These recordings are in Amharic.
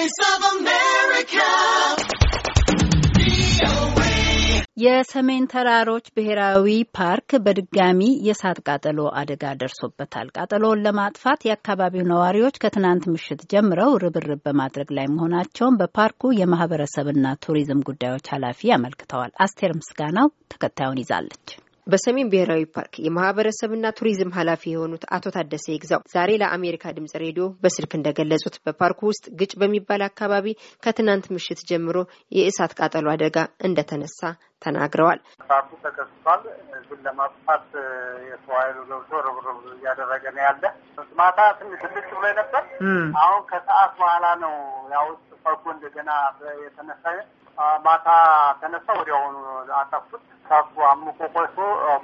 Voice of America. የሰሜን ተራሮች ብሔራዊ ፓርክ በድጋሚ የእሳት ቃጠሎ አደጋ ደርሶበታል። ቃጠሎውን ለማጥፋት የአካባቢው ነዋሪዎች ከትናንት ምሽት ጀምረው ርብርብ በማድረግ ላይ መሆናቸውን በፓርኩ የማህበረሰብና ቱሪዝም ጉዳዮች ኃላፊ አመልክተዋል። አስቴር ምስጋናው ተከታዩን ይዛለች። በሰሜን ብሔራዊ ፓርክ የማህበረሰብና ቱሪዝም ኃላፊ የሆኑት አቶ ታደሰ ይግዛው ዛሬ ለአሜሪካ ድምጽ ሬዲዮ በስልክ እንደገለጹት በፓርኩ ውስጥ ግጭ በሚባል አካባቢ ከትናንት ምሽት ጀምሮ የእሳት ቃጠሎ አደጋ እንደተነሳ ተናግረዋል። ፓርኩ ተከስቷል። ህዝብን ለማጥፋት የሰው ኃይሉ ገብቶ ርብርብ እያደረገ ነው ያለ። ማታ ትንሽ ትልቅ ብሎ ነበር። አሁን ከሰዓት በኋላ ነው ያው ፓርኩ እንደገና የተነሳ ማታ ተነሳ ወዲያውኑ አጠፉት። ታፉ አሙቆ ቆይቶ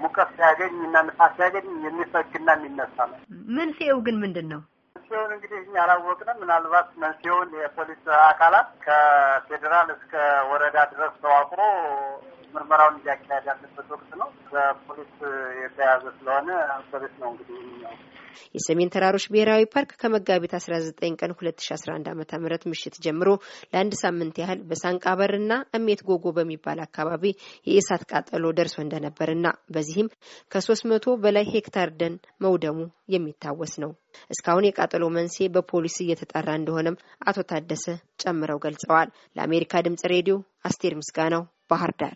ሙቀት ሲያገኝ እና ንፋስ ሲያገኝ የሚፈግና የሚነሳ ነው። መንስኤው ግን ምንድን ነው? መንስኤውን እንግዲህ እኛ አላወቅንም። ምናልባት መንስኤውን የፖሊስ አካላት ከፌዴራል እስከ ወረዳ ድረስ ተዋቅሮ ምርመራውን እያካሄድ ያለበት ወቅት ነው። በፖሊስ የተያዘ ስለሆነ በቤት ነው እንግዲህ የሰሜን ተራሮች ብሔራዊ ፓርክ ከመጋቢት አስራ ዘጠኝ ቀን ሁለት ሺ አስራ አንድ ምሽት ጀምሮ ለአንድ ሳምንት ያህል በሳንቃበር እና እሜት ጎጎ በሚባል አካባቢ የእሳት ቃጠሎ ደርሶ እንደነበር እና በዚህም ከሶስት መቶ በላይ ሄክታር ደን መውደሙ የሚታወስ ነው። እስካሁን የቃጠሎ መንስኤ በፖሊስ እየተጠራ እንደሆነም አቶ ታደሰ ጨምረው ገልጸዋል። ለአሜሪካ ድምጽ ሬዲዮ አስቴር ምስጋናው Bahar Dar.